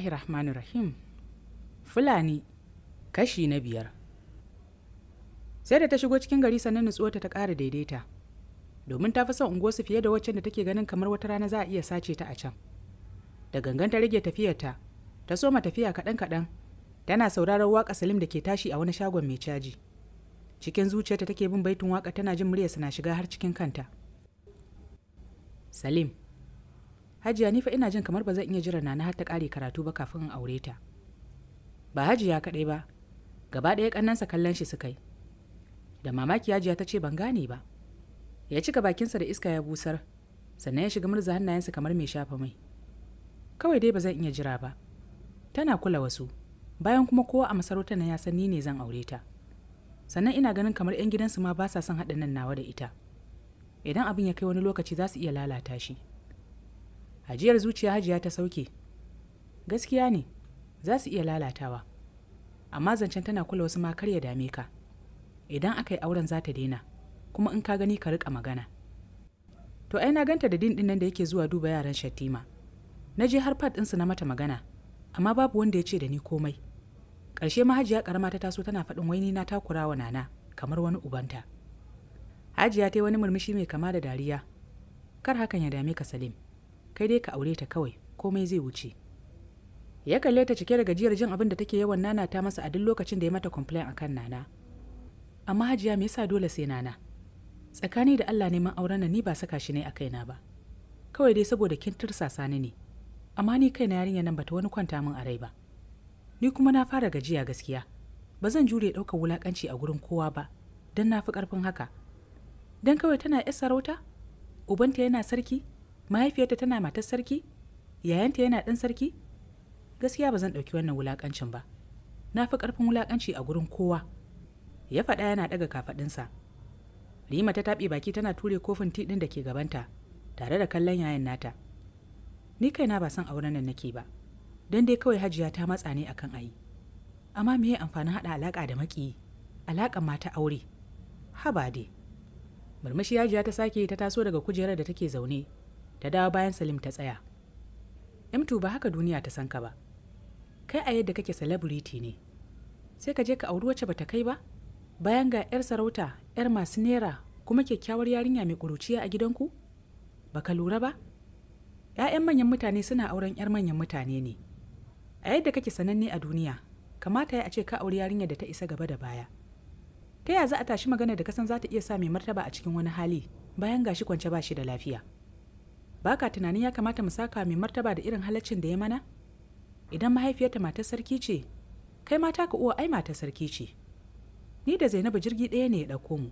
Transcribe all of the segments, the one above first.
bismillahi rahim fulani kashi na biyar sai da ta shigo cikin gari sannan nutsuwarta ta ƙara daidaita domin ta fi son unguwarsu fiye da waccan da take ganin kamar wata rana za a iya sace ta a can da gangan ta rage tafiyarta ta soma tafiya kaɗan kaɗan tana sauraron waƙa salim da ke tashi a wani shagon mai caji cikin zuciyarta take bin baitin waƙa tana jin muryarsa na shiga har cikin kanta salim hajiya ni fa ina jin kamar ba zan iya jira nana har ta kare karatu ba kafin in aure ta ba hajiya kaɗai ba gaba ɗaya ƙannansa kallon shi suka yi da mamaki hajiya ta ce ban gane ba ya cika bakinsa da iska ya busar sannan ya shiga murza hannayensa kamar mai shafa mai kawai dai ba zan iya jira ba tana kula wasu bayan kuma kowa a masarauta na ya san ni ne zan aure ta sannan ina ganin kamar 'yan gidansu ma ba sa son haɗa nan nawa da ita idan abin ya kai wani lokaci za su iya lalata shi ajiyar zuciya hajiya ta sauke gaskiya ne za su iya lalatawa amma zancen tana kula wasu ma kar ya dame ka idan aka yi auren za ta daina kuma in ka gani ka rika magana to ai na ganta da din nan da yake zuwa duba yaran shattima na je har fat ɗinsu na mata magana amma babu wanda ya ce da ni komai ƙarshe mahajiya ƙarama ta taso tana faɗin waini na takura wa nana kamar wani ubanta hajiya ta yi wani murmushi mai kama da dariya kar hakan ya dame ka salim kai dai ka aure ta kawai komai zai wuce ya kalle ta cike da gajiyar jin abin da take yawan nana ta masa a duk lokacin da ya mata complain akan nana amma hajiya me yasa dole sai nana tsakani da Allah neman auren nan ni ba saka shi ne a kaina ba kawai dai saboda kin tursasa ni ne amma ni kaina yarinya nan bata wani kwanta min a rai ba ni kuma na fara gajiya gaskiya ba zan jure ɗaukar wulakanci a gurin kowa ba don na fi ƙarfin haka don kawai tana 'yar sarauta ubanta yana sarki mahaifiyarta tana matar sarki yayanta yana ɗan sarki gaskiya ba zan ɗauki wannan wulaƙancin ba na fi ƙarfin wulaƙanci a gurin kowa ya faɗa yana ɗaga kafaɗinsa rima ta taɓe baki tana ture kofin tiɗin da ke gabanta tare da kallon yayan nata ni kaina ba san auren nan nake ba don dai kawai hajiya ta matsa ne akan ayi amma me ya amfanin haɗa alaƙa da maƙiyi alaƙan mata aure haba dai murmushi hajiya ta sake ta taso daga kujerar da take zaune Da dawo bayan salim ta tsaya m2 ba haka duniya ta san ka ba kai a yadda kake celebrity ne sai ka je ka auri wacce bata kai ba bayan ga 'yar sarauta 'yar masu nera kuma kyakkyawar yarinya mai ƙuruciya a gidanku baka lura ba 'ya'yan manyan mutane suna auren 'yar manyan mutane ne a yadda kake sananne a duniya kamata ya a ce ka auri yarinya da ta isa gaba da baya ta ya za a tashi magana da kasan za ta iya sa mai martaba a cikin wani hali bayan gashi kwance ba shi da lafiya ba ka tunanin ya kamata mu saka mai martaba da irin halaccin da ya mana idan mahaifiyarta matar sarki ce kai mata ka uwa ai matar sarki ce ni da zainabu jirgi ɗaya ne ya ɗauko mu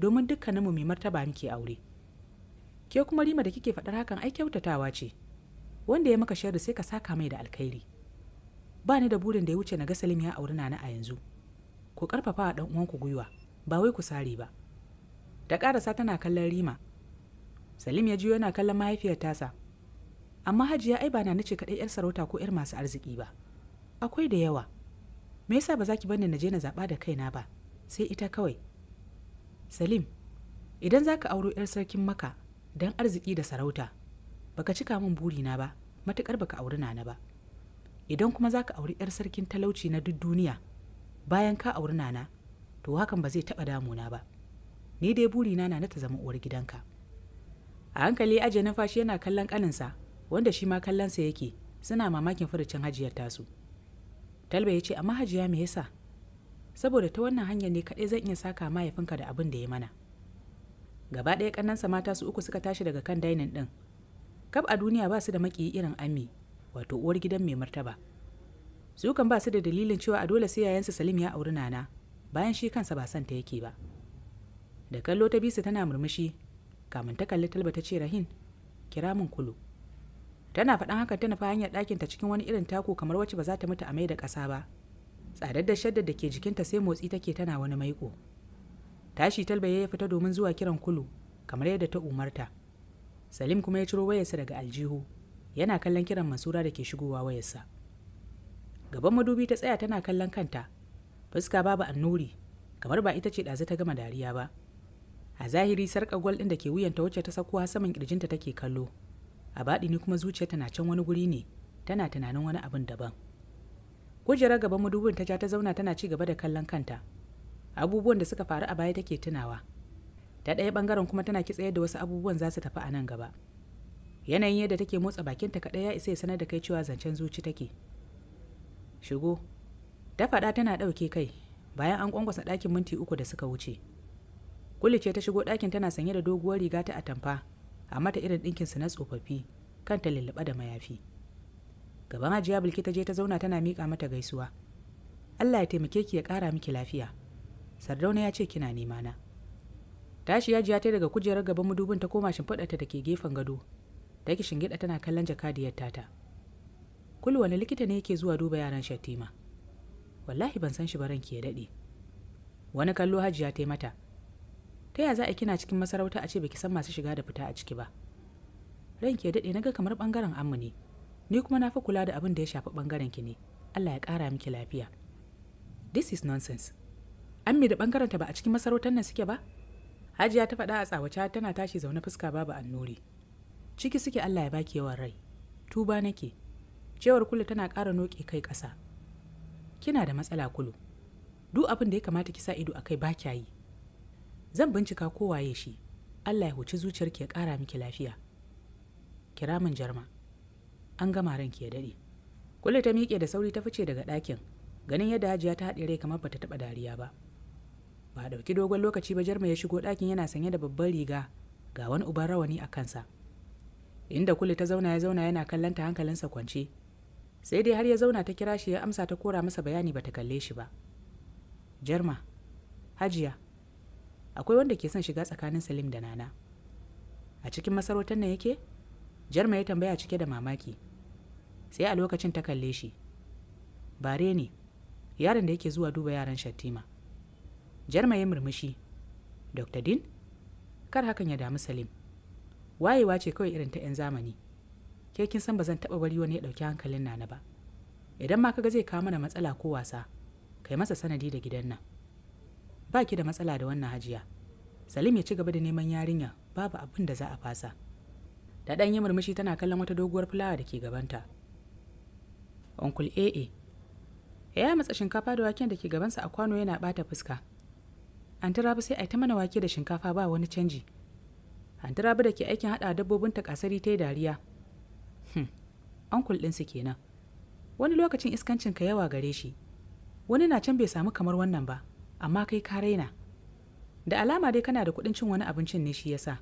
domin dukkaninmu mai martaba muke aure ke kuma rima da kike faɗar hakan ai kyautatawa ce wanda ya maka sharri sai ka saka mai da alkhairi ba ni da burin da ya wuce na ga salim ya auri nana a yanzu ku karfafa wa uwanku gwiwa ba wai ku sare ba da ƙarasa tana kallon rima salim ya jiyo yana kallon mahaifiyar tasa amma hajiya ai ba na nace kaɗai 'yar sarauta ko 'yar masu arziki ba akwai da yawa me yasa ba za ki bani na je na zaɓa da kaina ba sai ita kawai salim idan za ka auro 'yar sarkin maka dan arziki da sarauta baka cika min buri na ba matukar baka auri na ba idan kuma za ka auri 'yar sarkin talauci na duk duniya bayan ka auri na to hakan ba zai taɓa na ba ni dai burina na ta zama uwar gidanka a hankali aje numfashi yana kallon kaninsa wanda shi ma kallonsa yake suna mamakin furucin hajiyar tasu talba ya ce amma hajiya me yasa saboda ta wannan hanyar ne kaɗai zan iya saka mahaifinka da abin da ya mana gaba ɗaya ƙannansa mata su uku suka tashi daga kan dainin ɗin Kab a duniya ba su da maƙiyi irin ami wato uwar gidan mai martaba su kan ba su da dalilin cewa a dole sai yayansa salim ya auri nana bayan shi kansa ba ta yake ba da kallo ta bisa tana murmushi kamun ta kalli talba ta ce rahin kira min kulu tana faɗan hakan ta nufa hanyar ɗakin ta cikin wani irin tako kamar wacce ba za ta mutu a mai da ƙasa ba tsadar da shaddar da ke jikinta sai motsi take tana wani maiko tashi talba ya fita domin zuwa kiran kulu kamar yadda ta umarta salim kuma ya ciro wayarsa daga aljihu yana kallon kiran masura da ke shigowa wayarsa gaban madubi ta tsaya tana kallon kanta fuska babu annuri kamar ba ita ce ɗazu ta gama dariya ba a zahiri sarƙar gwal ɗin da ke wuyanta wacce ta sakuwa saman ƙirjinta take kallo a baɗi ne kuma zuciya tana can wani guri ne tana tunanin wani abin daban kujerar gaban madubin ta ja ta zauna tana ci gaba da kallon kanta abubuwan da suka faru a baya take tunawa ta ɗaya ɓangaren kuma tana kitsa yadda wasu abubuwan za su tafi a nan gaba yanayin yadda take motsa bakinta kaɗai ya isa ya sanar da kai cewa zancen zuci take shigo ta faɗa tana ɗauke kai bayan an ƙwanƙwasa ɗakin minti uku da suka wuce Kulli ce ta shigo ɗakin tana sanye da doguwar riga ta atamfa, a mata irin ɗinkinsu na tsofaffi, kanta lulluɓa da mayafi. Gaban Hajiya Bilki ta je ta zauna tana miƙa mata gaisuwa. Allah ya taimake ki ya ƙara miki lafiya. Sardauna ya ce kina nema na. Tashi ya jiya ta daga kujerar gaban mudubin ta koma shimfiɗarta da ke gefen gado. Ta ki shingiɗa tana kallon jakadiyar tata. Kulu wani likita ne yake zuwa duba yaran shattima Wallahi ban san shi ba ranki ya daɗe. Wani kallo Hajiya ta mata. ta ya za a kina cikin masarauta a ce baki san masu shiga da fita a ciki ba Ran ke daɗe na ga kamar ɓangaren Amu ne ni kuma na fi kula da abin da ya shafi ɓangaren ki ne Allah ya ƙara miki lafiya this is nonsense ammi da ɓangaren ta ba a cikin masarautar nan suke ba hajiya ta faɗa a tsawace tana tashi zaune fuska babu annuri ciki suke Allah ya baki yawan rai tuba nake cewar kulu tana ƙara noƙe kai ƙasa kina da matsala kulu duk abin da ya kamata ki sa ido akai ba kya yi zan bincika ko waye shi allah ya huci zuciyarki ya ƙara miki lafiya kira min jarma an gama ranki ya daɗe kulle ta miƙe da sauri ta fice daga ɗakin ganin yadda hajiya ta haɗe rai kamar bata taɓa dariya ba ba ɗauki dogon lokaci ba jarma ya shigo ɗakin yana sanye da babban riga ga wani uban rawani a kansa inda kule ta zauna ya zauna yana kallon ta hankalinsa kwance sai dai har ya zauna ta kira shi ya amsa ta kora masa bayani bata kalle shi ba jarma hajiya akwai wanda ke son shiga tsakanin salim da nana a cikin masarautar nan yake jarma ya tambaya cike da mamaki sai a lokacin ta kalle shi bare ne yaron da yake zuwa duba yaran shattima jarma ya murmushi dr din kar hakan ya damu salim wayewa ce kawai irin ta 'yan zamani ke kin san ba zan taɓa bari wani ya ɗauki hankalin nana ba idan ma kaga zai kawo mana matsala ko wasa kai masa sanadi da gidan nan ba ki da matsala da wannan hajiya salim ya ci gaba da neman yarinya babu abin da za a fasa da ɗan murmushi tana kallon wata doguwar fulawa da ke gabanta onkul aa ya matsa shinkafa da waken da ke gabansa a kwano yana bata fuska turabu sai a ta mana wake da shinkafa ba wani canji turabu da ke aikin haɗa dabbobin ta kasari ta yi dariya onkul hmm, ɗinsu kenan wani lokacin iskancin ka yawa gare shi wani na can bai samu kamar wannan ba amma kai ka raina da alama dai kana da kuɗin cin wani abincin ne shi yasa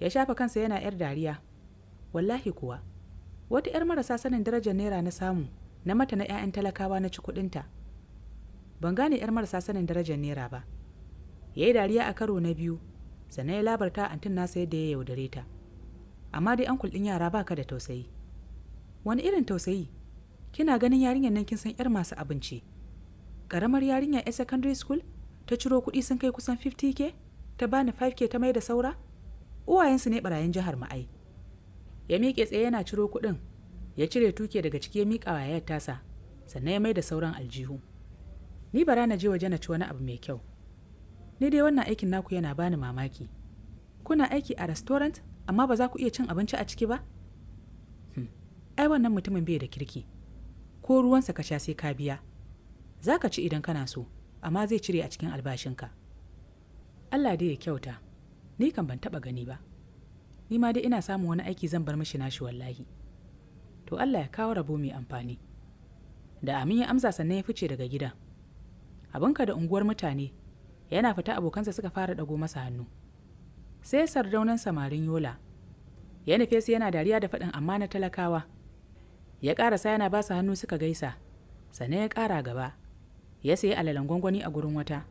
ya shafa kansa yana yar dariya wallahi kuwa wata yar marasa sanin darajar naira na samu na mata na 'ya'yan talakawa na ci kuɗinta ban gane yar marasa sanin darajar naira ba ya yi dariya a karo na biyu sannan ya labarta antin nasa yadda ya yaudare ta amma dai an ɗin yara baka da tausayi wani irin tausayi kina ganin yarinyar nan kin san yar masu abinci karamar yarinyar a secondary school ta ciro kuɗi sun kai kusan 50k ta bani 5k ta mai da saura uwayensu ne barayin jihar ma'ai ya miƙe tsaye yana ciro kuɗin ya cire tuke daga ciki ya miƙa wa yayar tasa sannan ya mai da sauran aljihu ni bara na je waje na ci wani abu mai kyau ni dai wannan aikin naku yana bani mamaki kuna aiki a restaurant amma ba za ku iya cin abinci a ciki ba hmm. ai wannan mutumin bai da kirki ko ruwansa ka sha sai ka biya za ka ci idan kana so amma zai cire a cikin albashinka allah dai ya kyauta ni kan ban taɓa gani ba ni ma dai ina samun wani aiki zan bar mishi nashi wallahi to allah ya kawo rabo mai amfani da amin ya amsa sannan ya fice daga gidan abinka da unguwar mutane yana fita abokansa suka fara ɗago masa hannu sai sardaunan samarin yola ya nufe su yana dariya da faɗin amma na talakawa ya ƙarasa yana ba su hannu suka gaisa sannan ya ƙara gaba ya sayi alalan gwangwani a gurin wata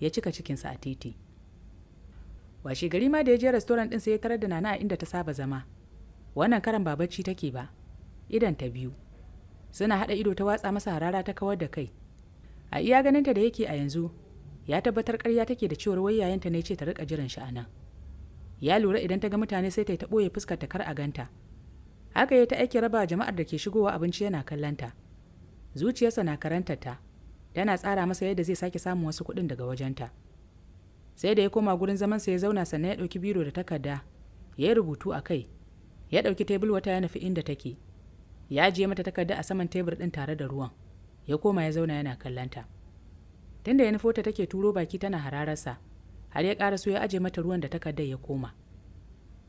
ya cika cikinsa a titi washe gari ma da ya je restoran din sai ya tarar da nana a inda ta saba zama wannan karan ba bacci take ba idan ta biyu suna haɗa ido ta watsa masa harara ta kawar da kai a iya ganinta da yake a yanzu ya tabbatar karya take da cewar wai yayanta ne ce ta rika jiran shi anan ya lura idan ta ga mutane sai ta yi ta boye fuskar ta kar a ganta haka ya ta aiki raba jama'ar da ke shigowa abinci yana kallanta zuciyarsa na karantar ta tana tsara masa yadda zai sake samun wasu kuɗin daga wajenta sai da ya koma gurin zaman sa ya zauna sannan ya ɗauki biro da takarda ya yi rubutu a kai ya ɗauki tebul wata ya nufi inda take ya ajiye mata takarda a saman tebur ɗin tare da ruwan ya koma ya zauna yana kallanta tunda ya nufo ta take turo baki tana hararsa har ya ƙara so ya aje mata ruwan da takardar ya koma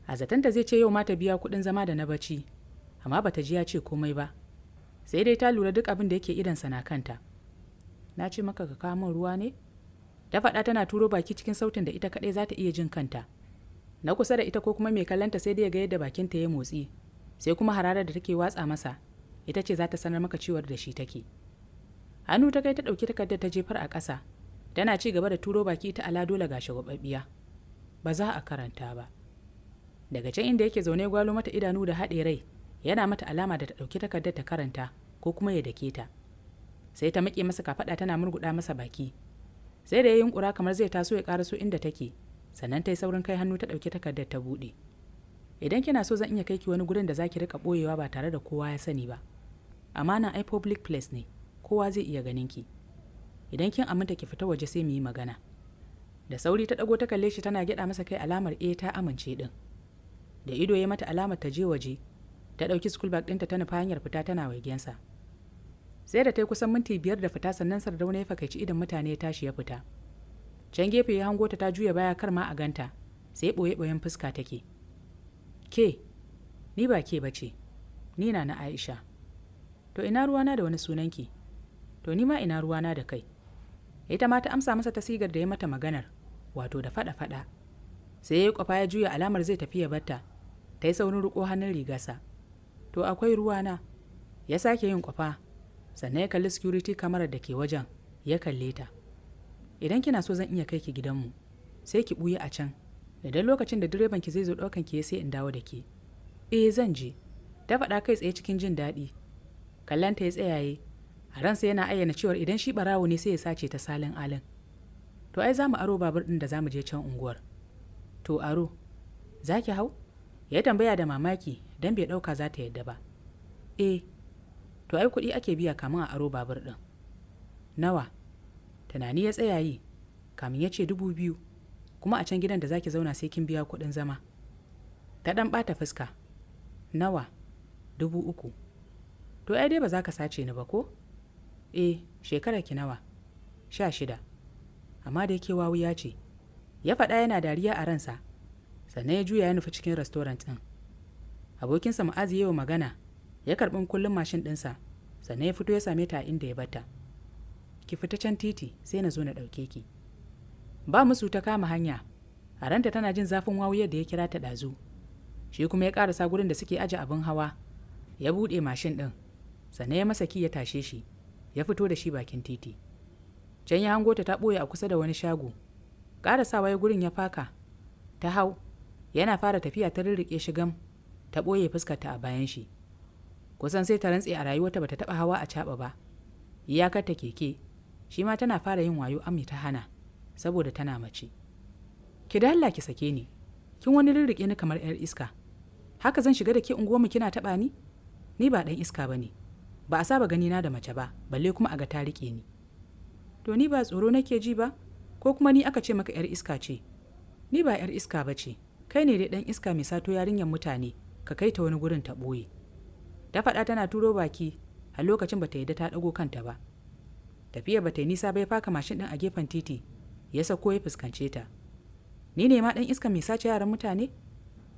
a zatanta zai ce yau ma ta biya kuɗin zama da na bacci amma bata ji ya ce komai ba sai dai ta lura duk abin da yake idansa na kanta na ce maka ka kawo ruwa ne ta faɗa tana turo baki cikin sautin da ita kaɗai za ta iya jin kanta na kusa da ita ko kuma mai kallonta sai dai ya ga yadda bakinta ya motsi sai kuma hararar da take watsa masa ita ce za ta sanar maka ciwar da shi take hannu ta kai ta ɗauki takardar ta jefar a ƙasa tana ci gaba da turo baki ta ala dole gashi gwababbiya ba za a karanta ba daga can inda yake zaune gwalo mata idanu da haɗe rai yana mata alama da ta ɗauki takardar ta karanta ko kuma ya dake ta. sai ta maƙe masa kafaɗa tana murguɗa masa baki sai da ya yunkura kamar zai taso ya ƙara so inda take sannan ta yi saurin kai hannu ta ɗauki takardar ta buɗe idan kina so zan iya kai ki wani gurin da za ki riƙa ɓoyewa ba tare da kowa ya sani ba amma na ai public place ne kowa zai iya ganin ki idan kin aminta ki fita waje sai mu yi magana da sauri ta ɗago ta kalle shi tana gyaɗa masa kai alamar eh ta amince din. da ido ya mata alamar ta je waje ta ɗauki school bag ɗinta ta nufa hanyar fita tana waigensa. sai da ta yi kusan minti biyar da fita sannan sardauna ya fakaici idan mutane ya tashi ya fita can gefe ya hango ta ta juya baya kar ma a ganta sai ɓoye ɓoyen fuska take ke ni ba ke bace ni na na aisha to ina ruwana da wani sunanki to ni ma ina ruwa na da kai ita ma ta amsa masa ta sigar da ya mata maganar wato da faɗa faɗa sai ya kwafa ya juya alamar zai tafi ya batta ta yi saurin riko hannun rigarsa to akwai ruwa na. ya sake yin kwafa sannan ya kalli security kamarar da ke wajen ya kalle ta idan kina so zan iya kai ki gidanmu sai ki buyi a can idan lokacin da direban ki zai zo ɗaukan ki sai in dawo da ke eh zan je ta faɗa kai tsaye cikin jin daɗi kallon ta ya tsayaye a ransa yana ayyana cewar idan shi ɓarawo ne sai ya sace ta salin alin to ai za mu aro babur ɗin da za mu je can unguwar to aro za ki hau ya tambaya da mamaki don bai ɗauka za ta yadda ba eh to ai kuɗi ake biya kamin a aro babur ɗin nawa tunani ya tsaya yi kamin ya ce dubu biyu kuma a can gidan da zaki zauna sai kin biya kuɗin zama ta ɗan ɓata fuska nawa dubu uku to ai dai ba za ka sace ni ba ko eh shekara ki nawa sha shida amma da yake wawuya ce ya faɗa yana dariya a ransa sannan ya juya ya nufi cikin rastorant ɗin abokinsa ma'azi yau magana ya karɓi kullum mashin ɗinsa sannan ya fito ya same ta inda ya bata ki fita can titi sai na zo na ɗauke ki ba musu ta kama hanya a ranta tana jin zafin wawuyar da ya kira ta ɗazu shi kuma ya ƙarasa gurin da suke aje abin hawa ya buɗe mashin ɗin sannan ya masa ki ya tashe shi ya fito da shi bakin titi can ya hango ta ta ɓoye a kusa da wani shago ƙarasawa ya gurin ya faka ta hau yana fara tafiya ta rirriƙe shigan, ta ɓoye fuskarta a bayan shi kusan sai ta rantse a rayuwarta bata taba hawa a caba ba iyakar ta keke shi ma tana fara yin wayo ami ta hana saboda tana mace ki dalla ki sake ni kin wani rirriƙe ni kamar yar iska haka zan shiga da ke unguwarmu kina taɓa ni ni ba dan iska bane ba a saba gani na da mace ba balle kuma a ga ta rike ni to ni ba tsoro nake ji ba ko kuma ni aka ce maka yar iska ce ni ba yar iska ba ce kai ne dai dan iska mai sato yarinyar mutane ka kai ta wani gurin ta ɓoye ta faɗa tana turo baki a lokacin bata yadda ta ɗago kanta ba tafiya bata yi nisa bai faka mashin ɗin a gefen titi ya sako ya fuskance ta ni ne ma ɗan iska mai sace yaran mutane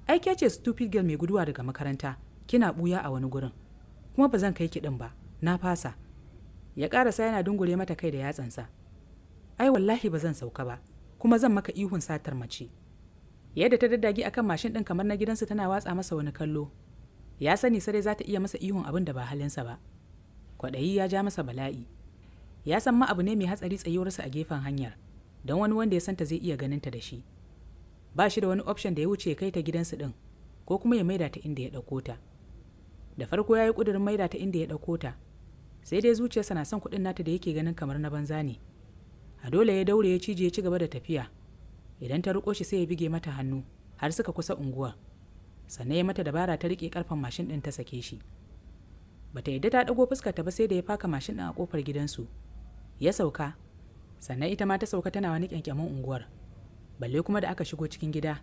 ai ke ce stupid girl mai guduwa daga makaranta kina buya a wani gurin kuma ba zan kai ki ba na fasa ya ƙarasa yana dungure mata kai da yatsansa ai wallahi ba zan sauka ba kuma zan maka ihun satar mace yadda ta daddagi akan mashin ɗin kamar na gidansu tana watsa masa wani kallo ya sani sarai za ta iya masa ihun abin da ba halinsa ba kwaɗayi ya ja masa bala'i ya san ma abu ne mai hatsari tsayuwarsa a gefen hanyar don wani wanda ya santa zai iya ganin ta da shi ba shi da wani option da ya wuce kai ta gidansu ɗin ko kuma ya maida ta inda ya ɗauko ta da farko ya yi ƙudurin maida ta inda ya ɗauko ta sai dai zuciyarsa na son kuɗin nata da yake ganin kamar na banza ne a dole ya daure ya cije ya ci gaba da tafiya idan ta riko shi sai ya bige mata hannu har suka kusa unguwa sannan ya mata dabara ta riƙe ƙarfen mashin ɗin ta sake shi bata yadda ta ɗago fuska ta ba sai da ya faka mashin ɗin a ƙofar gidansu ya sauka sannan ita ma ta sauka tana wani kyankyamin unguwar balle kuma da aka shigo cikin gida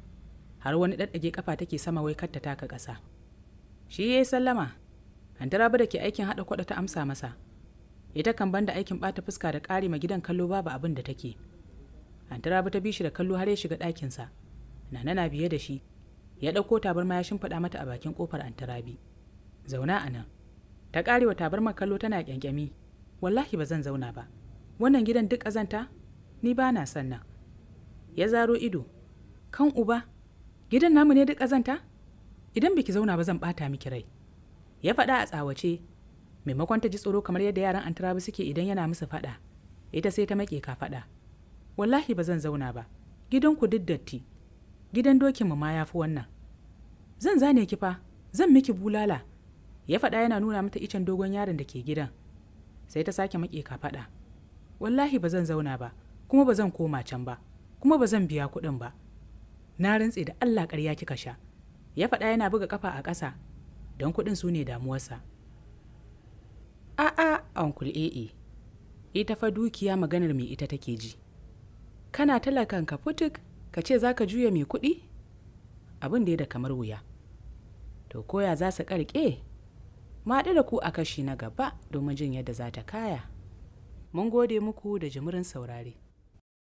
har wani ɗaɗɗage kafa take sama wai kar ta taka ƙasa shi ya yi sallama ba da ke aikin haɗa kwada ta amsa masa ita kan banda aikin bata fuska da kare ma gidan kallo babu abin da take ba ta bi shi da kallo har ya shiga ɗakinsa nana na biye da shi ya ɗauko tabarma ya shimfiɗa mata a bakin ƙofar antarabi zauna a nan ta ƙarewa tabarma kallo tana ƙyanƙyami wallahi ba zan zauna ba wannan gidan duk ƙazanta ni ba na son nan ya zaro ido kan uba gidan namu ne duk ƙazanta idan biki zauna ba zan ɓata miki rai ya faɗa a tsawace maimakon ta ji tsoro kamar yadda yaran antarabi suke idan yana musu faɗa ita sai ta maƙe ka faɗa wallahi ba zan zauna ba gidanku duk datti gidan dokinmu ma ya fi wannan zan zane ki fa zan miki bulala ya faɗa yana nuna mata icen dogon yaron da ke gidan sai ta sake maƙe ka faɗa wallahi ba zan zauna ba kuma ba zan koma can ba kuma ba zan biya kuɗin ba na rantse da allah ƙarya kika sha ya faɗa yana buga kafa a ƙasa don kuɗin su ne damuwarsa a'a uncle ee ita fa dukiya maganar mai ita take ji kana talakan ka futuk ka ce za ka juya mai kuɗi abin da ya da kamar wuya to koya za su karke ma da ku a kashi na gaba domin jin yadda za ta kaya mun gode muku da jimurin saurare